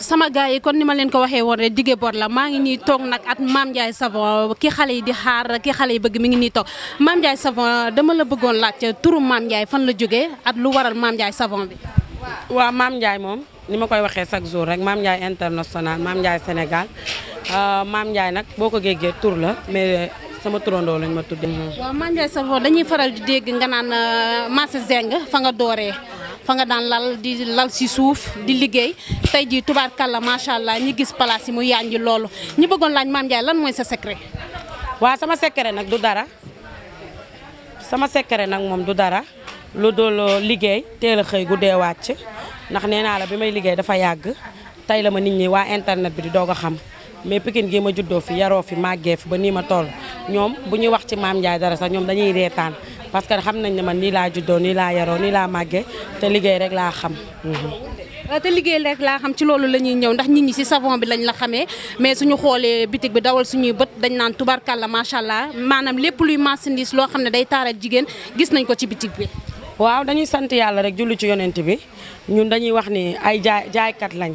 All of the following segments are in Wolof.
sama gars yi kon ni ma leen ko waxee woon rek dige bor la maa ngi nii toog nag at Mame Ndiaye Savon ki xale yi di xaar ki xale yi bëgg mi ngi nii toog Mame Ndiaye Savon dama la bëggoon laaj turu Mame Ndiaye fan la jógee at lu waral Mame Ndiaye Savon bi. waaw Mame Ndiaye moom ni ma koy waxee chaque jour rek Mame Ndiaye international Mame Ndiaye Sénégal euh, Mame Ndiaye nag boo ko géegee tur la mais sama turandoo lañ ma tuddee. waaw Mame Ndiaye Savon dañuy faral di dégg nga naan euh, Mass Zeng fa fa nga dan lal di lal si souf di liggéey tey jii tubaarkàlla macha allah ñi gis place yi mu yaaññi loolu ñi bëggon lañ mam jaay lan moy sa secret. wa sama secret nag du dara sama secret nag mom du dara lu lo liggey teel a xëy gu de wacc nak neena la bi may dafa yàgg tay la ma nit ñi wa internet bi di doga xam. mais Pikine gi ma juddo fi yaro fi magge fi ba ni ma toll ñom bu wax ci mam jaay dara sax ñom dañuy parce que xam nañ ne man nii laa juddoo nii laa yaroo nii laa màggee te liggéey rek laa xam. Mhm. te liggéey rek laa xam ci loolu la ñuy ñëw ndax nit ñi ci savon bi lañ la xamee mais suñu xoolee bitig bi dawal suñuy bët dañ naan tubarkalla macha allah maanaam lépp luy marchandise loo xam ne day taaral jigéen gis nañ ko ci bitig bi. waaw dañuy sant yàlla rek julli ci yonent bi ñun dañuy wax ni ay jaay jaaykat lañ.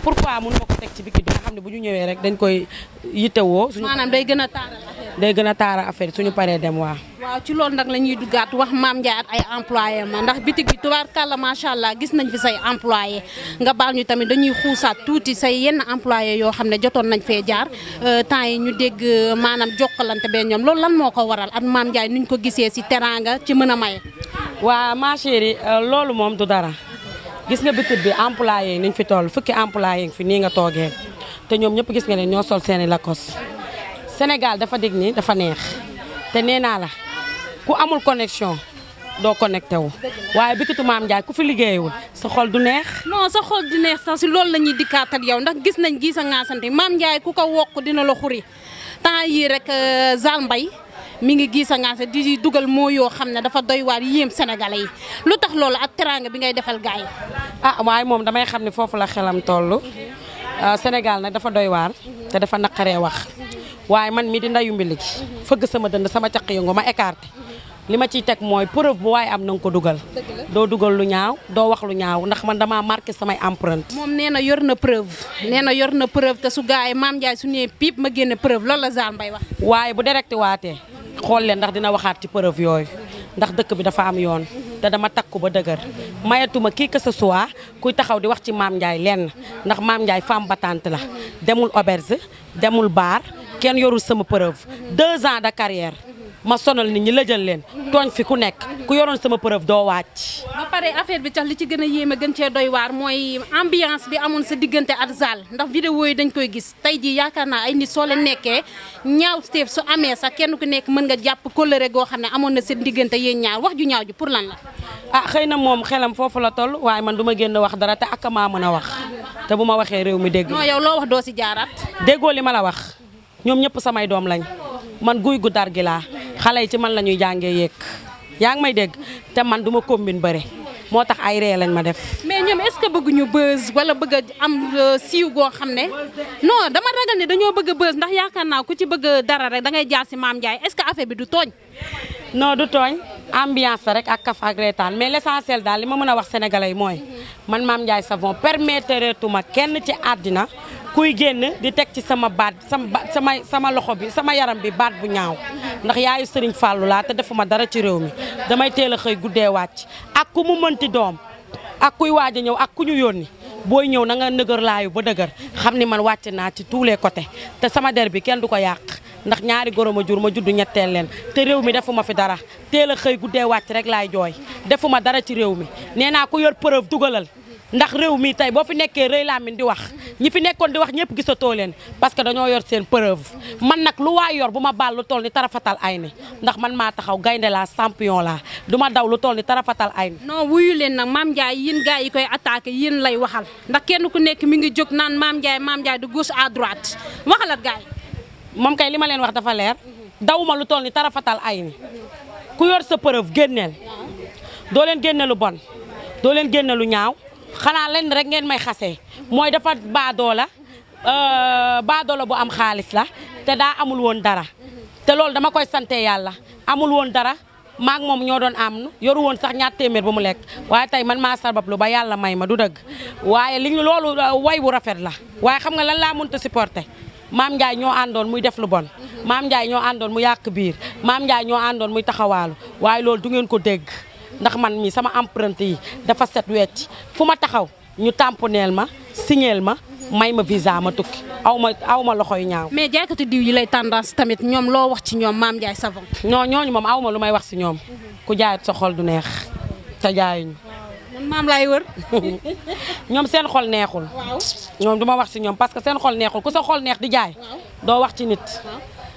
pourquoi mun ma ko teg ci biki bi nga xam buñu ñëwé rek dañ koy yité wo suñu manam day gëna taara affaire day gëna taara affaire suñu paré dem wa waaw ci lool nak lañuy duggaat wax mam ndiaat ay employé ma ndax bitig bi kala ma sha allah gis nañ fi say employé nga bal ñu tamit dañuy xuusaat touti say yenn employé yo xamne jotton nañ fe jaar euh temps yi ñu dégg euh, manam jokkalante be ñom lool lan moko waral ak mam ndiaay nuñ ko gisee si teraanga ci mëna may wa ma chérie euh, loolu mom du dara. gis nga bitig bi employé yi niñ fi toll fukki employé yi fi nii nga toogee te ñoom ñëpp gis nga ne ñoo sol seeni kos Sénégal dafa dig ni dafa neex te nee naa la ku amul connexion doo connecté wu waaye bikitu maam Ndiaye ku fi liggéeyewul sa xol du neex non sa xol du neex sax si loolu la ñuy dikkaatal yow ndax gis nañ gii sa ŋaasante maam Ndiaye ku ko wokk dina la xuri temps yii rek euh, Zal mbay mi ngi gis a di dugal moo yoo xam ne dafa doy waar yéem sénégalais yi lu tax loolu ak teraanga bi ngay defal gaay ah waaye moom damay xam ne foofu la xelam toll ah, Sénégal nag dafa doy waar te dafa naqaree wax waaye man mi di ndayu mbili ji fëgg sama dënd sama caq yëngu ma écarté li ma ciy teg mooy preuve bu waaye am na ko dugal doo dugal lu ñaaw doo wax lu ñaaw ndax man damaa marqué samay empreinte moom nee na yor na preuve nee na yor na preuve te su gaay maam Ndiaye su nee piip ma génne preuve loolu la Zale Mbaye wax waaye bu directe waatee xool leen ndax dina waxaat ci preuve yooyu ndax dëkk bi dafa am yoon te dama takku ba dëgër mayatuma kii que ce soit kuy taxaw di wax ci maam Ndiaye leen ndax maam Mame Ndiaye femme battante la demul auberge demul baar kenn yorul sama preuve deux ans de carrière ma sonal nit ñu la jël leen tooñ fi ku nekk ku yoroon sama preuve doo wàcc. ba pare affaire bi tax li ci gën a yéeme gën cee doy waar mooy ambiance bi amoon sa diggante at Zal ndax vidéo yi dañ koy gis tey jii yaakaar naa ay nit soo leen nekkee ñaaw Steve su amee sax kenn ku nekk mën nga jàpp kóllëre goo xam ne amoon na seen diggante yéen ñaar wax ju ñaaw ji pour lan la. ah xëy na moom xelam foofu la toll waaye man du ma génn wax dara ak maa mën a wax te bu ma waxee réew mi dégg. yow loo wax doo si jaaraat. li ma la wax. ñom ñëpp samay doom lañ man guuy gu dar gi laa xale ci man lañuy ñuy yek yaang may dégg té man duma combine béré motax ay ree lañ ma def. mais ñom est ce que bëggu ñu buzz wala bëgg am euh, siiw go xamné non dama ragal né dañoo bëgg buzz ndax yaakaar na ku ci bëgg dara rek da ngay jaar ci mam jaay est ce que affaire bi du togn non du togn ambiance rek ak kaf ak reetaan mais l' essentiel daal li ma mën a wax sénégalais mooy man Mame Ndiaye Savon permettre tuma kenn ci àddina kuy génn di teg ci sama baat sama sama sama loxo bi sama yaram bi baat bu ñaaw ndax yaayu Serigne Fallou laa te defuma dara ci réew mi damay teel a xëy guddee wàcc ak ku mu mënti doom ak kuy waaj a ñëw ak ku ñu yónni booy ñëw na nga nëgër laayu ba dëgër xam ni man wàcc naa ci tous les côtés te sama der bi kenn du ko yàq ndax ñaari góor ma jur ma juddu ñetteel leen te réew mi defuma fi dara teel a xëy guddee wàcc rek laay jooy defuma dara ci réew mi nee naa ku yor preuve dugalal ndax réew mi tey boo fi nekkee rëy min di wax ñi fi nekkoon di wax ñëpp gisatoo leen parce que dañoo yor seen preuve man nag lu waay yor bu ma baal lu tool ni tarafatal ay ni ndax man maa taxaw gaynde laa champion laa du ma daw lu toll ni fatal ay ni non wuyu leen nag maam Ndiaye yéen gars yi koy attaqué yéen lay waxal ndax kenn ku nekk mi ngi jóg naan Mame Ndiaye Mame Ndiaye de gauche à droite waxalat gars yi moom li ma leen wax dafa leer dawuma lu toll ni tarafatal ay ni ku yor sa preuve génneel doo leen génne lu bon doo leen génne lu ñaaw xanaa lenn rek ngeen may xasee mooy dafa baadoola euh, baadoola bu am xaalis la te daa amul woon dara te loolu dama koy sante yàlla amul woon dara maa moom ñoo doon am yoru woon sax ñaar téeméer ba mu lekk waaye tey man maa sabab lu ba yàlla may ma du dëgg waaye li loolu euh, way bu rafet la waaye xam nga lan laa mënta supporter maam Ndiaye ñoo àndoon muy def lu bon maam Ndiaye ñoo àndoon mu yàq biir maam Ndiaye ñoo àndoon muy taxawaalu waaye loolu du ngeen ko dégg ndax man mi sama empreinte yi dafa set wecc fu ma taxaw ñu tamponeel ma signeel ma may ma visa ma tukki aw ma aw ma loxoy ñaaw. mais jaaykatu diw yi lay tendance tamit ñoom loo wax ci ñoom maam Ndiaye savon. non ñooñ moom aw ma lu may wax si ñoom ku jaayat sa xol du neex te jaayuñu. Mam maam laay wër. ñoom seen xol neexul. waaw ñoom du ma wax si ñoom parce que seen xol neexul ku sa xol neex di jaay. doo wax ci nit.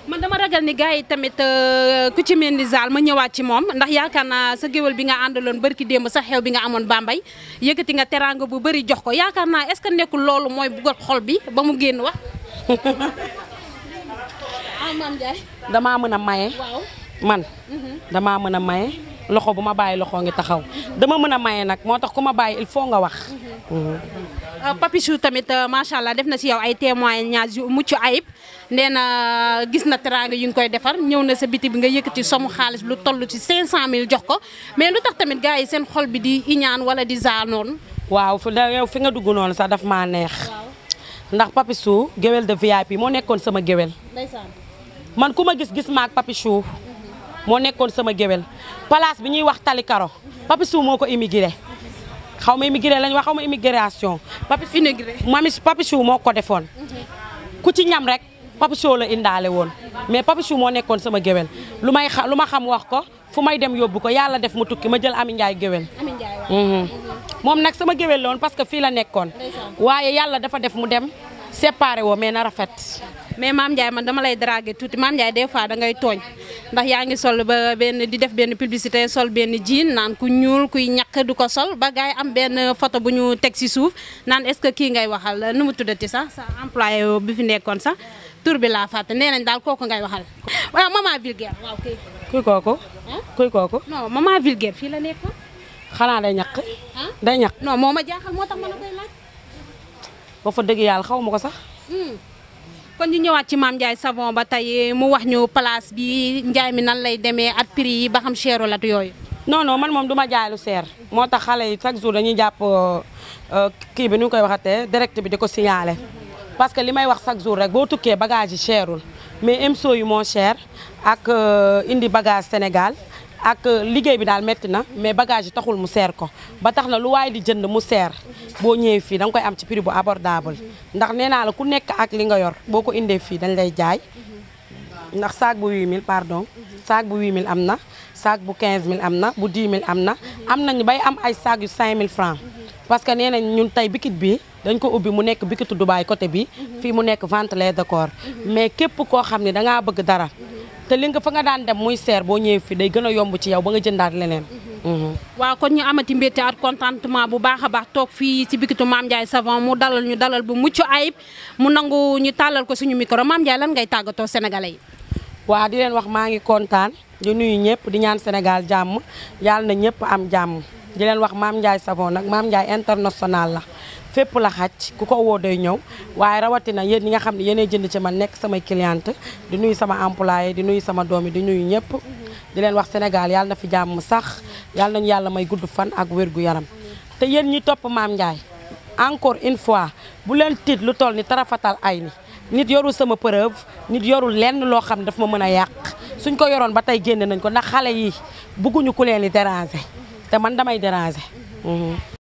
man dama ragal ni gars yi tamit euh, ku ci mel ni Zal ma ñëwaat ci moom ndax yaakaar naa sa géwél bi nga àndaloon barki démb sa xew bi nga amoon Bambey yëkkati nga teraanga bu bëri jox ko yaakaar est ce que nekkul loolu xol bi ba mu wax. ah maye. waaw man. Mm-hmm. damaa mën maye. loxo bu ma bàyyi loxo ngi taxaw dama mën a maye nag moo tax ku ma bàyyi il faut nga wax. Euh, Papichou tamit euh, macha allah def na si yow ay témoignage yu mucc ayib nee na euh, gis na teraanga yu ngi koy defar ñëw na sa biti bi nga yëkkati somu xaalis lu toll ci 500000 jox ko mais lu tax tamit gars yi seen xol bi di iñaan wala di zaa noonu. waaw fi fi nga dugg noonu sax dafa maa neex. ndax Papichou géwel de VIP moo nekkoon sama géwél. man ku ma gis gis ma ak moo nekkoon sama géwel place bi ñuy wax tali karo Papissou moo ko immigré xaw ma immigré lañ wax xaw ma immigration Papissou mami Papissou moo ko defoon ku ci ñam rek Papissou la indaale woon mais Papissou moo nekkoon sama géwél lu may lu ma xam wax ko fu may dem yóbbu ko yàlla def mu tukki ma jël Ami Ndiaye géwél mhm. moom nag sama géwel la woon parce que fii la nekkoon waaye yàlla dafa def mu dem séparé woo mais na rafet mais maam Ndiaye man dama lay draguer tuuti maam Ndiaye des fois da ngay togn ndax yaangi sol ba di def ben publicité sol ben jean nan ku ñuul kuy ñak du ko sol ba gay am ben photo bu ñu tek si souf naan est ce que ki ngay waxal nu mu tudati sax sa employé bi fi nekkon sax tur bi la fat nee dal koku ngay waxal wa mama vulgaire wa kay kuy koku kuy koku non mama vulgaire fi la nekkoon xana day ñak day ñak non moma jaxal motax man koy laaj bo fa deug yaal xawmako kon ñu ñëwaat ci maam Ndiaye ba tey mu wax ñu palace bi njaay mi nan lay demee ak prix yi ba xam la lat yooyu. non man moom duma ma jaay moo tax xale yi chaque jour dañuy jàpp euh, euh, kii bi nu ñu koy waxatee direct bi di ko signalé parce que li may wax chaque jour rek boo tukkee bagage yi mais MSO yu moo cher ak euh, indi bagage Sénégal. ak euh, liggéey bi daal metti na mais bagage yi taxul mu seer ko ba tax na lu waaye di jënd mu seer boo ñëwee fii da koy am ci piri bu abordable ndax nee naa la ku nekk ak li nga yor boo ko indee fii dañ lay jaay ndax saag bu 8000 pardon saag bu 8000 am na saag bu 15000 am na bu 10000 am na am nañ bay am ay saag yu 5000 francs parce que nee nañ ñun tey bikit bi dañ ko ubbi mu nekk bikitu Dubaay côté bi fii mu nekk vente lait de corps mais képp koo xam ne dangaa bëgg dara te li nga fa nga daan dem muy ser bo ñëwee fi day gëna yomb ci yow ba nga jëndaat leneen mhm. mhm. wa kon ñu amati mbété at contentement bu baaxa baax tok fi ci bikitu mam jaay Savon mu dalal ñu dalal bu muccu ayib mu nangu ñu talal ko suñu micro mam jaay lan ngay tagato sénégalais wa di leen wax maangi ngi di nuyu ñepp di ñaan Sénégal jamm yalla na ñepp am jamm di leen wax mam jaay Savon nak mam jaay international la fépp la xaj ku ko woo day ñëw waaye rawatina yéen ñi nga xam ne yéenay jënd ci man nekk samay cliente di nuyu sama employé di nuyu sama doom yi di nuyu ñëpp di leen wax Sénégal yàlla na fi jàmm sax yàlla nañu yàlla may gudd fan ak wér gu yaram te yéen ñi topp maam Ndiaye encore une fois bu leen tiit lu toll ni tarafatal ay ni nit yorul sama preuve nit yorul lenn loo xam ne daf ma mën a yàq suñ ko yoroon ba tey génne nañ ko ndax xale yi bëgguñu ku leen di déranger te man damay déranger. Mhm.